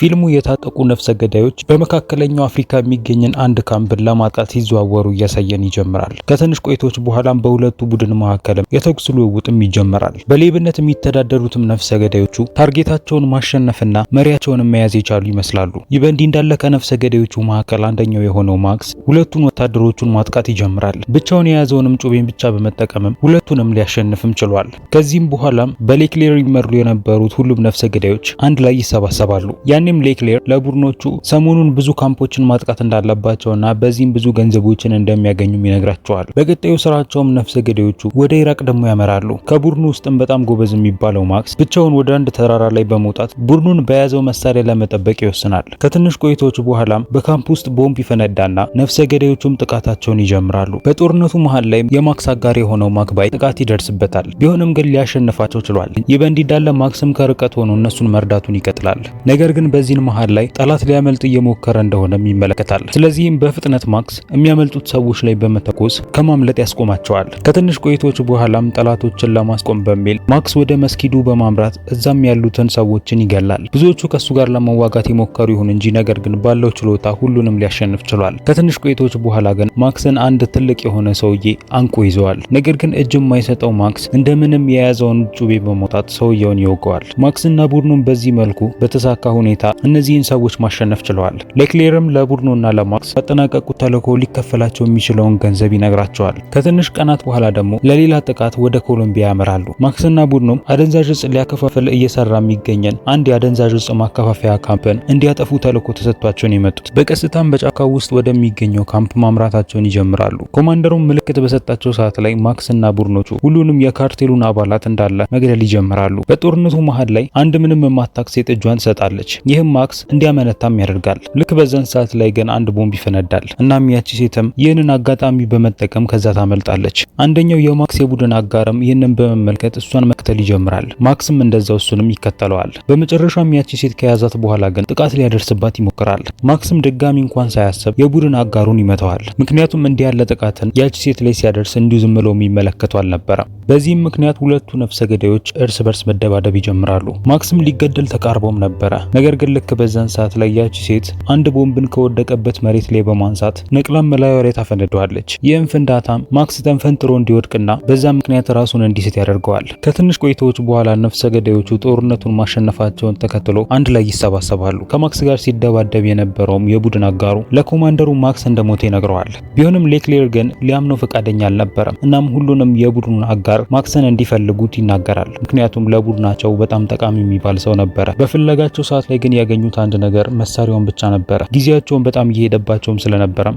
ፊልሙ የታጠቁ ነፍሰ ገዳዮች በመካከለኛው አፍሪካ የሚገኝን አንድ ካምፕን ለማጥቃት ሲዘዋወሩ እያሳየን ይጀምራል። ከትንሽ ቆይቶች በኋላም በሁለቱ ቡድን መካከልም የተኩስ ልውውጥም ይጀምራል። በሌብነት የሚተዳደሩትም ነፍሰ ገዳዮቹ ታርጌታቸውን ማሸነፍና መሪያቸውን መያዝ የቻሉ ይመስላሉ። ይህ በእንዲህ እንዳለ ከነፍሰ ገዳዮቹ መካከል አንደኛው የሆነው ማክስ ሁለቱን ወታደሮቹን ማጥቃት ይጀምራል። ብቻውን የያዘውንም ጩቤን ብቻ በመጠቀምም ሁለቱንም ሊያሸንፍም ችሏል። ከዚህም በኋላም በሌክሌር ይመሩ የነበሩት ሁሉም ነፍሰ ገዳዮች አንድ ላይ ይሰባሰባሉ። ያኔም ሌክሌር ለቡድኖቹ ሰሞኑን ብዙ ካምፖችን ማጥቃት እንዳለባቸውና በዚህም ብዙ ገንዘቦችን እንደሚያገኙም ይነግራቸዋል። በቀጣዩ ስራቸውም ነፍሰ ገዳዮቹ ወደ ኢራቅ ደግሞ ያመራሉ። ከቡድኑ ውስጥም በጣም ጎበዝ የሚባለው ማክስ ብቻውን ወደ አንድ ተራራ ላይ በመውጣት ቡድኑን በያዘው መሳሪያ ለመጠበቅ ይወስናል። ከትንሽ ቆይታዎች በኋላም በካምፕ ውስጥ ቦምብ ይፈነዳና ነፍሰ ገዳዮቹም ጥቃታቸውን ይጀምራሉ። በጦርነቱ መሀል ላይ የማክስ አጋር የሆነው ማክባይ ጥቃት ይደርስበታል። ቢሆንም ግን ሊያሸንፋቸው ችሏል። ይህ በእንዲህ እንዳለ ማክስም ከርቀት ሆኖ እነሱን መርዳቱን ይቀጥላል። ነገር ግን በዚህን መሃል ላይ ጠላት ሊያመልጥ እየሞከረ እንደሆነም ይመለከታል። ስለዚህም በፍጥነት ማክስ የሚያመልጡት ሰዎች ላይ በመተኮስ ከማምለጥ ያስቆማቸዋል። ከትንሽ ቆይቶች በኋላም ጠላቶችን ለማስቆም በሚል ማክስ ወደ መስጊዱ በማምራት እዛም ያሉትን ሰዎችን ይገላል። ብዙዎቹ ከሱ ጋር ለመዋጋት የሞከሩ ይሁን እንጂ ነገር ግን ባለው ችሎታ ሁሉንም ሊያሸንፍ ችሏል። ከትንሽ ቆይቶች በኋላ ግን ማክስን አንድ ትልቅ የሆነ ሰውዬ አንቆ ይዘዋል። ነገር ግን እጅ የማይሰጠው ማክስ እንደምንም የያዘውን ጩቤ በመውጣት ሰውየውን ይወገዋል። ማክስና ቡድኑን በዚህ መልኩ በተሳካ ሁኔታ ሁኔታ እነዚህን ሰዎች ማሸነፍ ችለዋል። ሌክሌርም ለቡድኑና ለማክስ ያጠናቀቁት ተልኮ ሊከፈላቸው የሚችለውን ገንዘብ ይነግራቸዋል። ከትንሽ ቀናት በኋላ ደግሞ ለሌላ ጥቃት ወደ ኮሎምቢያ ያመራሉ። ማክስና ቡድኑም አደንዛዥ እጽ ሊያከፋፍል እየሰራ የሚገኘን አንድ የአደንዛዥ እጽ ማከፋፈያ ካምፕን እንዲያጠፉ ተልኮ ተሰጥቷቸውን የመጡት በቀስታም በጫካው ውስጥ ወደሚገኘው ካምፕ ማምራታቸውን ይጀምራሉ። ኮማንደሩም ምልክት በሰጣቸው ሰዓት ላይ ማክስና ቡድኖቹ ሁሉንም የካርቴሉን አባላት እንዳለ መግደል ይጀምራሉ። በጦርነቱ መሀል ላይ አንድ ምንም የማታክ ሴት እጇን ትሰጣለች። ይህም ማክስ እንዲያመነታም ያደርጋል። ልክ በዛን ሰዓት ላይ ግን አንድ ቦምብ ይፈነዳል። እናም ያቺ ሴትም ይህንን አጋጣሚ በመጠቀም ከዛ ታመልጣለች። አንደኛው የማክስ የቡድን አጋርም ይህንን በመመልከት እሷን መክተል ይጀምራል። ማክስም እንደዛው እሱንም ይከተለዋል። በመጨረሻም ያቺ ሴት ከያዛት በኋላ ግን ጥቃት ሊያደርስባት ይሞክራል። ማክስም ድጋሚ እንኳን ሳያስብ የቡድን አጋሩን ይመታዋል። ምክንያቱም እንዲህ ያለ ጥቃትን ያቺ ሴት ላይ ሲያደርስ እንዲሁ ዝም ብሎ የሚመለከቱ አልነበረም። በዚህም ምክንያት ሁለቱ ነፍሰ ገዳዮች እርስ በርስ መደባደብ ይጀምራሉ። ማክስም ሊገደል ተቃርቦም ነበረ ነገር ግን ልክ በዛን ሰዓት ላይ ያቺ ሴት አንድ ቦምብን ከወደቀበት መሬት ላይ በማንሳት ነቅላም መላዩ ላይ ታፈነደዋለች። ይህም ፍንዳታም ማክስ ተንፈንጥሮ እንዲወድቅና በዛም ምክንያት ራሱን እንዲስት ያደርገዋል። ከትንሽ ቆይታዎች በኋላ ነፍሰ ገዳዮቹ ጦርነቱን ማሸነፋቸውን ተከትሎ አንድ ላይ ይሰባሰባሉ። ከማክስ ጋር ሲደባደብ የነበረውም የቡድን አጋሩ ለኮማንደሩ ማክስ እንደሞተ ይነግረዋል። ቢሆንም ሌክሌር ግን ሊያምነው ፈቃደኛ አልነበረም። እናም ሁሉንም የቡድኑን አጋር ማክስን እንዲፈልጉት ይናገራል። ምክንያቱም ለቡድናቸው በጣም ጠቃሚ የሚባል ሰው ነበረ። በፍለጋቸው ሰዓት ላይ ግን ግን ያገኙት አንድ ነገር መሳሪያውን ብቻ ነበረ። ጊዜያቸውን በጣም እየሄደባቸውም ስለነበረም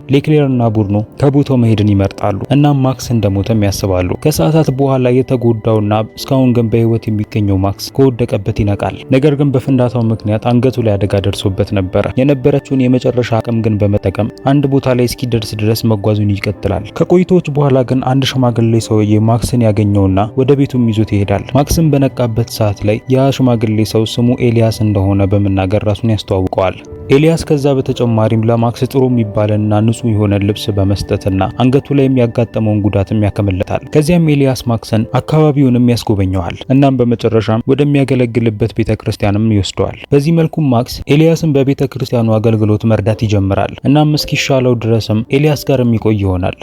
እና ቡድኑ ከቦታው መሄድን ይመርጣሉ። እናም ማክስ እንደሞተም ያስባሉ። ከሰዓታት በኋላ የተጎዳውና እስካሁን ግን በህይወት የሚገኘው ማክስ ከወደቀበት ይነቃል። ነገር ግን በፍንዳታው ምክንያት አንገቱ ላይ አደጋ ደርሶበት ነበረ። የነበረችውን የመጨረሻ አቅም ግን በመጠቀም አንድ ቦታ ላይ እስኪደርስ ድረስ መጓዙን ይቀጥላል። ከቆይታዎች በኋላ ግን አንድ ሽማግሌ ሰውዬ ማክስን ያገኘውና ወደ ቤቱም ይዞት ይሄዳል። ማክስን በነቃበት ሰዓት ላይ ያ ሽማግሌ ሰው ስሙ ኤልያስ እንደሆነ በምና በመናገር ራሱን ያስተዋውቀዋል። ኤልያስ ከዛ በተጨማሪም ለማክስ ጥሩ የሚባልና ንጹህ የሆነ ልብስ በመስጠትና አንገቱ ላይ የሚያጋጠመውን ጉዳትም ያከምለታል። ከዚያም ኤልያስ ማክስን አካባቢውንም ያስጎበኘዋል። እናም በመጨረሻም ወደሚያገለግልበት ቤተክርስቲያንም ይወስደዋል። በዚህ መልኩም ማክስ ኤልያስን በቤተክርስቲያኑ አገልግሎት መርዳት ይጀምራል። እናም እስኪሻለው ድረስም ኤልያስ ጋር የሚቆይ ይሆናል።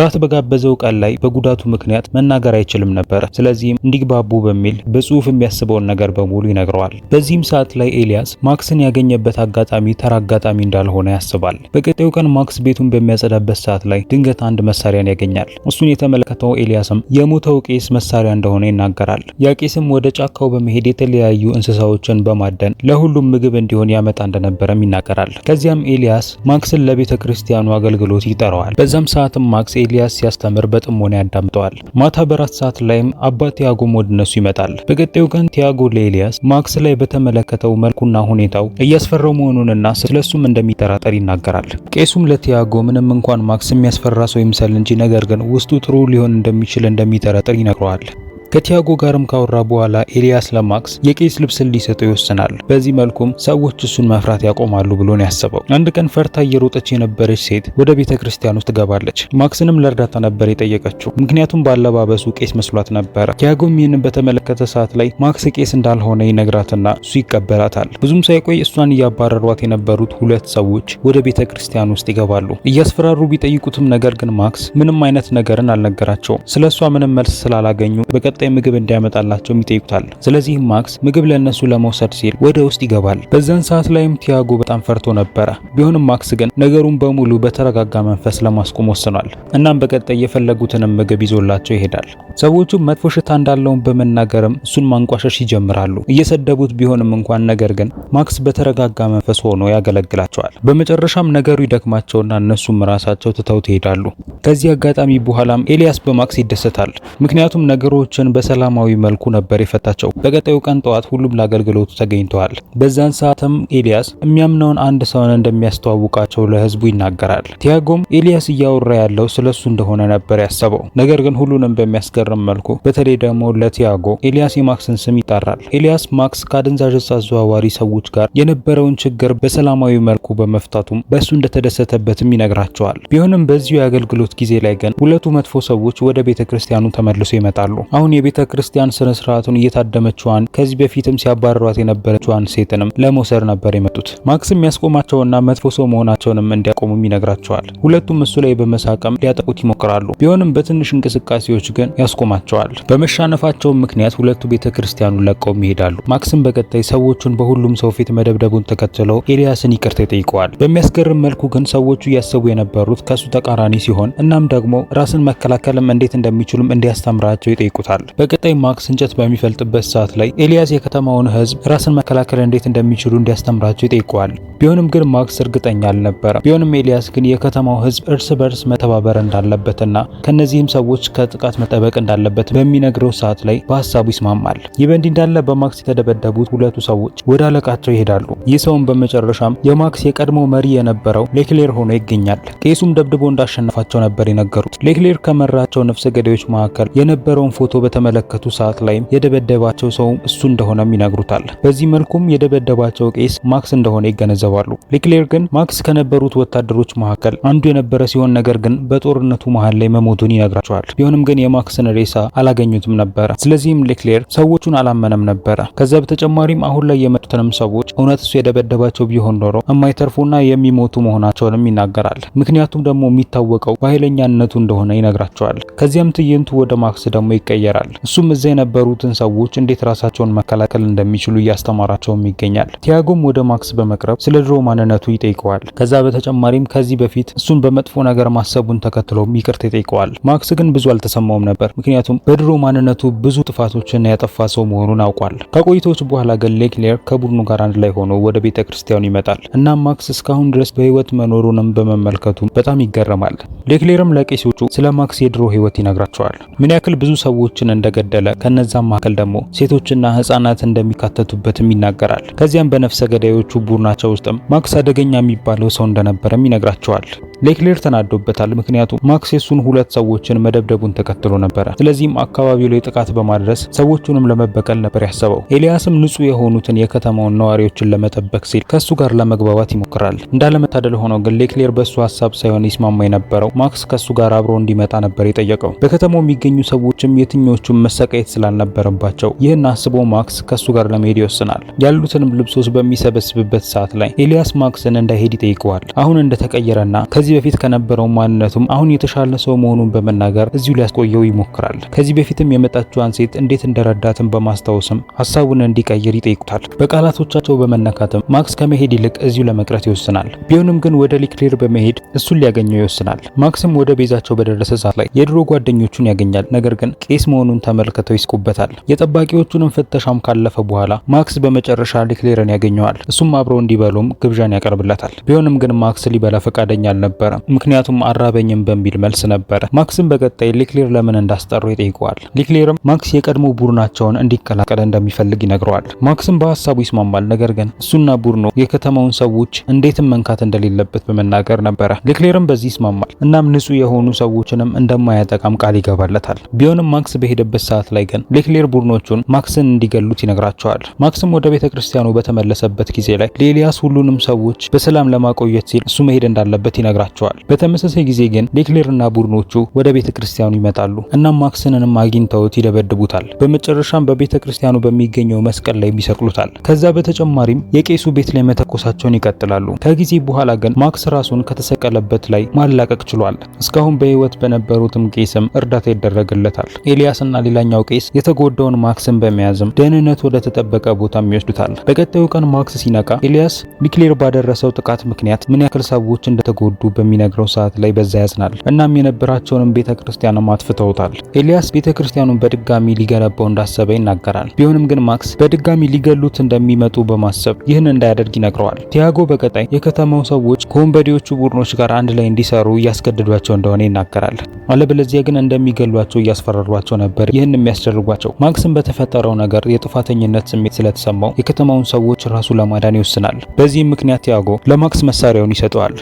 ራት በጋበዘው ቃል ላይ በጉዳቱ ምክንያት መናገር አይችልም ነበር። ስለዚህም እንዲግባቡ በሚል በጽሁፍ የሚያስበውን ነገር በሙሉ ይነግረዋል። በዚህም ሰዓት ላይ ኤልያስ ማክስን ያገኘበት አጋጣሚ ተራ አጋጣሚ እንዳልሆነ ያስባል። በቀጣዩ ቀን ማክስ ቤቱን በሚያጸዳበት ሰዓት ላይ ድንገት አንድ መሳሪያን ያገኛል። እሱን የተመለከተው ኤልያስም የሞተው ቄስ መሳሪያ እንደሆነ ይናገራል። ያ ቄስም ወደ ጫካው በመሄድ የተለያዩ እንስሳዎችን በማደን ለሁሉም ምግብ እንዲሆን ያመጣ እንደነበረም ይናገራል። ከዚያም ኤልያስ ማክስን ለቤተ ክርስቲያኑ አገልግሎት ይጠራዋል። በዛም ሰዓትም ማክስ ኤልያስ ሲያስተምር በጥሞና ያዳምጠዋል። ማታ በራት ሰዓት ላይም አባ ቲያጎም ወደ እነሱ ይመጣል። በቀጣዩ ቀን ቲያጎ ለኤልያስ ማክስ ላይ በተመለከተው መልኩና ሁኔታው እያስፈራው መሆኑንና ስለሱም እንደሚጠራጠር ይናገራል። ቄሱም ለቲያጎ ምንም እንኳን ማክስ የሚያስፈራ ሰው ይምሰል እንጂ ነገር ግን ውስጡ ጥሩ ሊሆን እንደሚችል እንደሚጠረጥር ይነግረዋል። ከቲያጎ ጋርም ካወራ በኋላ ኤልያስ ለማክስ የቄስ ልብስ ሊሰጠው ይወስናል። በዚህ መልኩም ሰዎች እሱን መፍራት ያቆማሉ ብሎ ነው ያሰበው። አንድ ቀን ፈርታ እየሮጠች የነበረች ሴት ወደ ቤተ ክርስቲያን ውስጥ ገባለች። ማክስንም ለእርዳታ ነበር የጠየቀችው፣ ምክንያቱም ባለባበሱ ቄስ መስሏት ነበረ። ቲያጎም ይህንን በተመለከተ ሰዓት ላይ ማክስ ቄስ እንዳልሆነ ይነግራትና እሱ ይቀበላታል። ብዙም ሳይቆይ እሷን እያባረሯት የነበሩት ሁለት ሰዎች ወደ ቤተ ክርስቲያን ውስጥ ይገባሉ። እያስፈራሩ ቢጠይቁትም ነገር ግን ማክስ ምንም አይነት ነገርን አልነገራቸውም። ስለ እሷ ምንም መልስ ስላላገኙ በቀጥ ቀጣይ ምግብ እንዲያመጣላቸው ይጠይቁታል። ስለዚህም ማክስ ምግብ ለነሱ ለመውሰድ ሲል ወደ ውስጥ ይገባል። በዛን ሰዓት ላይም ቲያጎ በጣም ፈርቶ ነበረ። ቢሆንም ማክስ ግን ነገሩን በሙሉ በተረጋጋ መንፈስ ለማስቆም ወስኗል። እናም በቀጣይ የፈለጉትንም ምግብ ይዞላቸው ይሄዳል። ሰዎቹ መጥፎ ሽታ እንዳለውን በመናገርም እሱን ማንቋሸሽ ይጀምራሉ። እየሰደቡት ቢሆንም እንኳን ነገር ግን ማክስ በተረጋጋ መንፈስ ሆኖ ያገለግላቸዋል። በመጨረሻም ነገሩ ይደክማቸውና እነሱም ራሳቸው ትተውት ይሄዳሉ። ከዚህ አጋጣሚ በኋላም ኤልያስ በማክስ ይደሰታል። ምክንያቱም ነገሮችን በሰላማዊ መልኩ ነበር የፈታቸው። በቀጣዩ ቀን ጠዋት ሁሉም ለአገልግሎቱ ተገኝተዋል። በዛን ሰዓትም ኤልያስ የሚያምነውን አንድ ሰውን እንደሚያስተዋውቃቸው ለህዝቡ ይናገራል። ቲያጎም ኤልያስ እያወራ ያለው ስለሱ እንደሆነ ነበር ያሰበው። ነገር ግን ሁሉንም በሚያስገርም መልኩ በተለይ ደግሞ ለቲያጎ ኤልያስ የማክስን ስም ይጠራል። ኤልያስ ማክስ ከአደንዛዥ አዘዋዋሪ ሰዎች ጋር የነበረውን ችግር በሰላማዊ መልኩ በመፍታቱም በእሱ እንደተደሰተበትም ይነግራቸዋል። ቢሆንም በዚሁ የአገልግሎት ጊዜ ላይ ግን ሁለቱ መጥፎ ሰዎች ወደ ቤተ ክርስቲያኑ ተመልሶ ይመጣሉ። አሁን የቤተ ክርስቲያን ስነ ስርዓቱን እየታደመችዋን ከዚህ በፊትም ሲያባረሯት የነበረችዋን ሴትንም ለመውሰድ ነበር የመጡት። ማክስም የሚያስቆማቸውና መጥፎ ሰው መሆናቸውንም እንዲያቆሙም ይነግራቸዋል። ሁለቱም እሱ ላይ በመሳቀም ሊያጠቁት ይሞክራሉ። ቢሆንም በትንሽ እንቅስቃሴዎች ግን ያስቆማቸዋል። በመሻነፋቸው ምክንያት ሁለቱ ቤተ ክርስቲያኑን ለቀው ይሄዳሉ። ማክስም በቀጣይ ሰዎቹን በሁሉም ሰው ፊት መደብደቡን ተከትለው ኤልያስን ይቅርታ ይጠይቀዋል። በሚያስገርም መልኩ ግን ሰዎቹ እያሰቡ የነበሩት ከሱ ተቃራኒ ሲሆን እናም ደግሞ ራስን መከላከልም እንዴት እንደሚችሉም እንዲያስተምራቸው ይጠይቁታል። በቀጣይ ማክስ እንጨት በሚፈልጥበት ሰዓት ላይ ኤልያስ የከተማውን ህዝብ ራስን መከላከል እንዴት እንደሚችሉ እንዲያስተምራቸው ይጠይቀዋል። ቢሆንም ግን ማክስ እርግጠኛ አልነበረም። ቢሆንም ኤልያስ ግን የከተማው ህዝብ እርስ በርስ መተባበር እንዳለበትና ከእነዚህም ሰዎች ከጥቃት መጠበቅ እንዳለበት በሚነግረው ሰዓት ላይ በሀሳቡ ይስማማል። ይህ በእንዲህ እንዳለ በማክስ የተደበደቡት ሁለቱ ሰዎች ወደ አለቃቸው ይሄዳሉ። ይህ ሰውም በመጨረሻም የማክስ የቀድሞ መሪ የነበረው ሌክሌር ሆኖ ይገኛል። ቄሱም ደብድቦ እንዳሸነፋቸው ነበር የነገሩት። ሌክሌር ከመራቸው ነፍሰ ገዳዮች መካከል የነበረውን ፎቶ በተመለከቱ ሰዓት ላይም የደበደባቸው ሰው እሱ እንደሆነም ይነግሩታል። በዚህ መልኩም የደበደባቸው ቄስ ማክስ እንደሆነ ይገነዘባሉ። ሊክሌር ግን ማክስ ከነበሩት ወታደሮች መካከል አንዱ የነበረ ሲሆን ነገር ግን በጦርነቱ መሃል ላይ መሞቱን ይነግራቸዋል። ቢሆንም ግን የማክስን ሬሳ አላገኙትም ነበረ። ስለዚህም ሊክሌር ሰዎቹን አላመነም ነበረ። ከዛ በተጨማሪም አሁን ላይ የመጡትንም ሰዎች እውነት እሱ የደበደባቸው ቢሆን ኖሮ የማይተርፉና የሚሞቱ መሆናቸውንም ይናገራል። ምክንያቱም ደግሞ የሚታወቀው በኃይለኛነቱ እንደሆነ ይነግራቸዋል። ከዚያም ትዕይንቱ ወደ ማክስ ደግሞ ይቀየራል። ይናገራል። እሱም እዚያ የነበሩትን ሰዎች እንዴት ራሳቸውን መከላከል እንደሚችሉ እያስተማራቸውም ይገኛል። ቲያጎም ወደ ማክስ በመቅረብ ስለ ድሮ ማንነቱ ይጠይቀዋል። ከዛ በተጨማሪም ከዚህ በፊት እሱን በመጥፎ ነገር ማሰቡን ተከትሎም ይቅርታ ይጠይቀዋል። ማክስ ግን ብዙ አልተሰማውም ነበር፣ ምክንያቱም በድሮ ማንነቱ ብዙ ጥፋቶችን ያጠፋ ሰው መሆኑን አውቋል። ከቆይታዎች በኋላ ግን ሌክሌር ከቡድኑ ጋር አንድ ላይ ሆኖ ወደ ቤተ ክርስቲያኑ ይመጣል። እናም ማክስ እስካሁን ድረስ በህይወት መኖሩንም በመመልከቱ በጣም ይገረማል። ሌክሌርም ለቄሶቹ ስለ ማክስ የድሮ ህይወት ይነግራቸዋል። ምን ያክል ብዙ ሰዎችን እንደገደለ ከነዛም መካከል ደግሞ ሴቶችና ህጻናት እንደሚካተቱበትም ይናገራል። ከዚያም በነፍሰ ገዳዮቹ ቡድናቸው ውስጥም ማክስ አደገኛ የሚባለው ሰው እንደነበረም ይነግራቸዋል። ሌክሌር ተናዶበታል። ምክንያቱም ማክስ የሱን ሁለት ሰዎችን መደብደቡን ተከትሎ ነበረ። ስለዚህም አካባቢው ላይ ጥቃት በማድረስ ሰዎቹንም ለመበቀል ነበር ያሰበው። ኤልያስም ንጹህ የሆኑትን የከተማውን ነዋሪዎችን ለመጠበቅ ሲል ከሱ ጋር ለመግባባት ይሞክራል። እንዳለመታደል ሆኖ ግን ሌክሌር በሱ ሀሳብ ሳይሆን ይስማማ የነበረው ማክስ ከሱ ጋር አብሮ እንዲመጣ ነበር የጠየቀው። በከተማው የሚገኙ ሰዎችም የትኞቹም መሰቃየት ስላልነበረባቸው ይህን አስቦ ማክስ ከሱ ጋር ለመሄድ ይወስናል። ያሉትንም ልብሶች በሚሰበስብበት ሰዓት ላይ ኤልያስ ማክስን እንዳይሄድ ይጠይቀዋል። አሁን እንደተቀየረና ከዚህ ከዚህ በፊት ከነበረው ማንነቱም አሁን የተሻለ ሰው መሆኑን በመናገር እዚሁ ሊያስቆየው ይሞክራል። ከዚህ በፊትም የመጣችዋን ሴት እንዴት እንደረዳትም በማስታወስም ሀሳቡን እንዲቀይር ይጠይቁታል። በቃላቶቻቸው በመነካትም ማክስ ከመሄድ ይልቅ እዚሁ ለመቅረት ይወስናል። ቢሆንም ግን ወደ ሊክሌር በመሄድ እሱን ሊያገኘው ይወስናል። ማክስም ወደ ቤዛቸው በደረሰ ሰዓት ላይ የድሮ ጓደኞቹን ያገኛል። ነገር ግን ቄስ መሆኑን ተመልክተው ይስቁበታል። የጠባቂዎቹንም ፍተሻም ካለፈ በኋላ ማክስ በመጨረሻ ሊክሌርን ያገኘዋል። እሱም አብረው እንዲበሉም ግብዣን ያቀርብለታል። ቢሆንም ግን ማክስ ሊበላ ፈቃደኛ አልነበር ነበረ። ምክንያቱም አራበኝም በሚል መልስ ነበረ። ማክስም በቀጣይ ሊክሌር ለምን እንዳስጠሩ ይጠይቀዋል። ሊክሌርም ማክስ የቀድሞ ቡድናቸውን እንዲቀላቀል እንደሚፈልግ ይነግረዋል። ማክስም በሀሳቡ ይስማማል። ነገር ግን እሱና ቡድኑ የከተማውን ሰዎች እንዴትም መንካት እንደሌለበት በመናገር ነበረ። ሊክሌርም በዚህ ይስማማል። እናም ንጹህ የሆኑ ሰዎችንም እንደማያጠቃም ቃል ይገባለታል። ቢሆንም ማክስ በሄደበት ሰዓት ላይ ግን ሊክሌር ቡድኖቹን ማክስን እንዲገሉት ይነግራቸዋል። ማክስም ወደ ቤተ ክርስቲያኑ በተመለሰበት ጊዜ ላይ ለኤልያስ ሁሉንም ሰዎች በሰላም ለማቆየት ሲል እሱ መሄድ እንዳለበት ይነግራቸዋል። ይሰጣቸዋል። በተመሳሳይ ጊዜ ግን ዴክሌርና ቡድኖቹ ወደ ቤተ ክርስቲያኑ ይመጣሉ እናም ማክስንንም አግኝተውት ይደበድቡታል። በመጨረሻም በቤተ ክርስቲያኑ በሚገኘው መስቀል ላይ ይሰቅሉታል። ከዛ በተጨማሪም የቄሱ ቤት ላይ መተኮሳቸውን ይቀጥላሉ። ከጊዜ በኋላ ግን ማክስ ራሱን ከተሰቀለበት ላይ ማላቀቅ ችሏል። እስካሁን በህይወት በነበሩትም ቄስም እርዳታ ይደረግለታል። ኤልያስና ሌላኛው ቄስ የተጎዳውን ማክስን በመያዝም ደህንነት ወደ ተጠበቀ ቦታም ይወስዱታል። በቀጣዩ ቀን ማክስ ሲነቃ ኤልያስ ዲክሌር ባደረሰው ጥቃት ምክንያት ምን ያክል ሰዎች እንደተጎዱ በሚነግረው ሰዓት ላይ በዛ ያጽናል። እናም የነበራቸውንም ቤተ ክርስቲያንም አጥፍተውታል። ኤልያስ ቤተ ክርስቲያኑን በድጋሚ ሊገነባው እንዳሰበ ይናገራል። ቢሆንም ግን ማክስ በድጋሚ ሊገሉት እንደሚመጡ በማሰብ ይህን እንዳያደርግ ይነግረዋል። ቲያጎ በቀጣይ የከተማው ሰዎች ከወንበዴዎቹ ቡድኖች ጋር አንድ ላይ እንዲሰሩ እያስገደዷቸው እንደሆነ ይናገራል። አለበለዚያ ግን እንደሚገሏቸው እያስፈራሯቸው ነበር ይህን የሚያስደርጓቸው። ማክስም በተፈጠረው ነገር የጥፋተኝነት ስሜት ስለተሰማው የከተማውን ሰዎች ራሱ ለማዳን ይወስናል። በዚህም ምክንያት ቲያጎ ለማክስ መሳሪያውን ይሰጠዋል።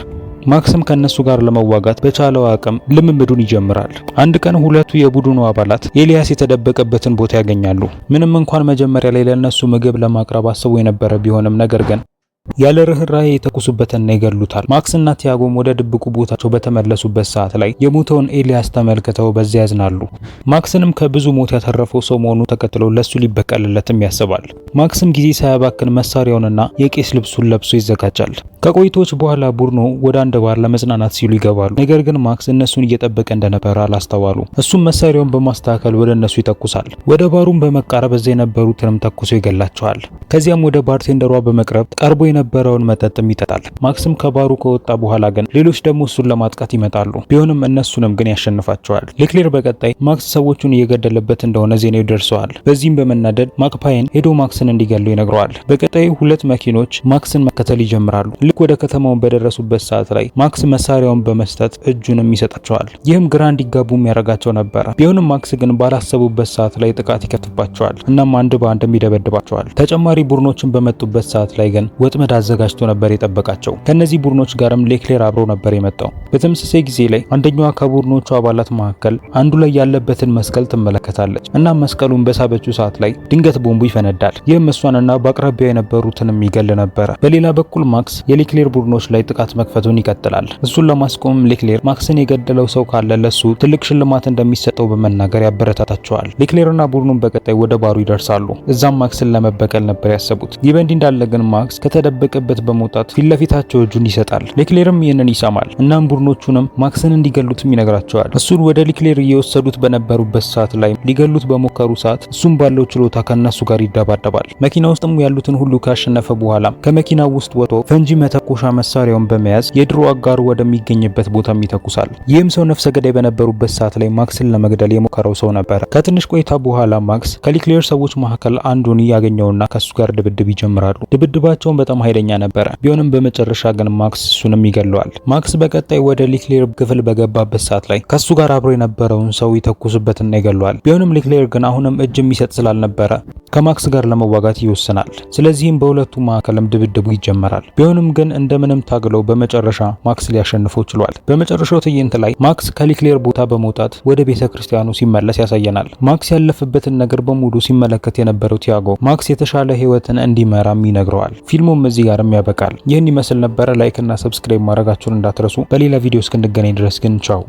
ማክስም ከነሱ ጋር ለመዋጋት በቻለው አቅም ልምምዱን ይጀምራል። አንድ ቀን ሁለቱ የቡድኑ አባላት ኤልያስ የተደበቀበትን ቦታ ያገኛሉ። ምንም እንኳን መጀመሪያ ላይ ለነሱ ምግብ ለማቅረብ አስቦ የነበረ ቢሆንም ነገር ግን ያለ ርኅራኄ የተኩሱበትና ይገሉታል ማክስና ቲያጎም ወደ ድብቁ ቦታቸው በተመለሱበት ሰዓት ላይ የሞተውን ኤልያስ ተመልክተው በዚያ ያዝናሉ። ማክስንም ከብዙ ሞት ያተረፈው ሰው መሆኑ ተከትሎ ለሱ ሊበቀልለትም ያስባል። ማክስም ጊዜ ሳያባክን መሳሪያውንና የቄስ ልብሱን ለብሶ ይዘጋጃል። ከቆይቶች በኋላ ቡድኖ ወደ አንድ ባር ለመዝናናት ሲሉ ይገባሉ። ነገር ግን ማክስ እነሱን እየጠበቀ እንደነበረ አላስተዋሉ። እሱም መሳሪያውን በማስተካከል ወደ እነሱ ይተኩሳል። ወደ ባሩም በመቃረብ እዚያ የነበሩትንም ተኩሶ ይገላቸዋል። ከዚያም ወደ ባርቴንደሯ በመቅረብ ቀርቦ የነበረውን መጠጥም ይጠጣል። ማክስም ከባሩ ከወጣ በኋላ ግን ሌሎች ደግሞ እሱን ለማጥቃት ይመጣሉ። ቢሆንም እነሱንም ግን ያሸንፋቸዋል። ሌክሌር በቀጣይ ማክስ ሰዎቹን እየገደለበት እንደሆነ ዜናው ደርሰዋል። በዚህም በመናደድ ማክፓይን ሄዶ ማክስን እንዲገሉ ይነግረዋል። በቀጣይ ሁለት መኪኖች ማክስን መከተል ይጀምራሉ። ልክ ወደ ከተማውን በደረሱበት ሰዓት ላይ ማክስ መሳሪያውን በመስጠት እጁንም ይሰጣቸዋል። ይህም ግራ እንዲጋቡም ያደርጋቸው ነበረ። ቢሆንም ማክስ ግን ባላሰቡበት ሰዓት ላይ ጥቃት ይከፍትባቸዋል። እናም አንድ በአንድም ይደበድባቸዋል። ተጨማሪ ቡድኖችን በመጡበት ሰዓት ላይ ግን ወጥ ወጥመድ አዘጋጅቶ ነበር የጠበቃቸው። ከነዚህ ቡድኖች ጋርም ሌክሌር አብሮ ነበር የመጣው። በተመሳሳይ ጊዜ ላይ አንደኛዋ ከቡድኖቹ አባላት መካከል አንዱ ላይ ያለበትን መስቀል ትመለከታለች እና መስቀሉን በሳበችው ሰዓት ላይ ድንገት ቦምቡ ይፈነዳል። ይህም እሷንና በአቅራቢያ የነበሩትን የሚገል ነበረ። በሌላ በኩል ማክስ የሌክሌር ቡድኖች ላይ ጥቃት መክፈቱን ይቀጥላል። እሱን ለማስቆም ሌክሌር ማክስን የገደለው ሰው ካለ ለሱ ትልቅ ሽልማት እንደሚሰጠው በመናገር ያበረታታቸዋል። ሌክሌርና ቡድኑን በቀጣይ ወደ ባሩ ይደርሳሉ። እዛም ማክስን ለመበቀል ነበር ያሰቡት። ይህ በእንዲህ እንዳለ ግን ማክስ ከተደ ከተደበቀበት በመውጣት ፊትለፊታቸው እጁን ይሰጣል። ሌክሌርም ይህንን ይሰማል። እናም ቡድኖቹንም ማክስን እንዲገሉትም ይነግራቸዋል። እሱን ወደ ሌክሌር እየወሰዱት በነበሩበት ሰዓት ላይ ሊገሉት በሞከሩ ሰዓት እሱም ባለው ችሎታ ከነሱ ጋር ይደባደባል። መኪና ውስጥም ያሉትን ሁሉ ካሸነፈ በኋላ ከመኪናው ውስጥ ወጥቶ ፈንጂ መተኮሻ መሳሪያውን በመያዝ የድሮ አጋሩ ወደሚገኝበት ቦታም ይተኩሳል። ይህም ሰው ነፍሰ ገዳይ በነበሩበት ሰዓት ላይ ማክስን ለመግደል የሞከረው ሰው ነበረ። ከትንሽ ቆይታ በኋላ ማክስ ከሊክሌር ሰዎች መካከል አንዱን ያገኘውና ከሱ ጋር ድብድብ ይጀምራሉ። ድብድባቸውን በጣም በጣም ኃይለኛ ነበረ። ቢሆንም በመጨረሻ ግን ማክስ እሱንም ይገለዋል። ማክስ በቀጣይ ወደ ሊክሌር ክፍል በገባበት ሰዓት ላይ ከሱ ጋር አብሮ የነበረውን ሰው ይተኩስበትና ይገለዋል። ቢሆንም ሊክሌር ግን አሁንም እጅ የሚሰጥ ስላልነበረ ከማክስ ጋር ለመዋጋት ይወስናል። ስለዚህም በሁለቱ መካከልም ድብድቡ ይጀመራል። ቢሆንም ግን እንደምንም ታግለው በመጨረሻ ማክስ ሊያሸንፈው ችሏል። በመጨረሻው ትዕይንት ላይ ማክስ ከሊክሌር ቦታ በመውጣት ወደ ቤተ ክርስቲያኑ ሲመለስ ያሳየናል። ማክስ ያለፈበትን ነገር በሙሉ ሲመለከት የነበረው ቲያጎ ማክስ የተሻለ ህይወትን እንዲመራም ይነግረዋል። ፊልሙም እዚህ ጋርም ያበቃል። ይህን ይመስል ነበረ። ላይክ እና ሰብስክራይብ ማድረጋችሁን እንዳትረሱ። በሌላ ቪዲዮ እስክንገናኝ ድረስ ግን ቻው።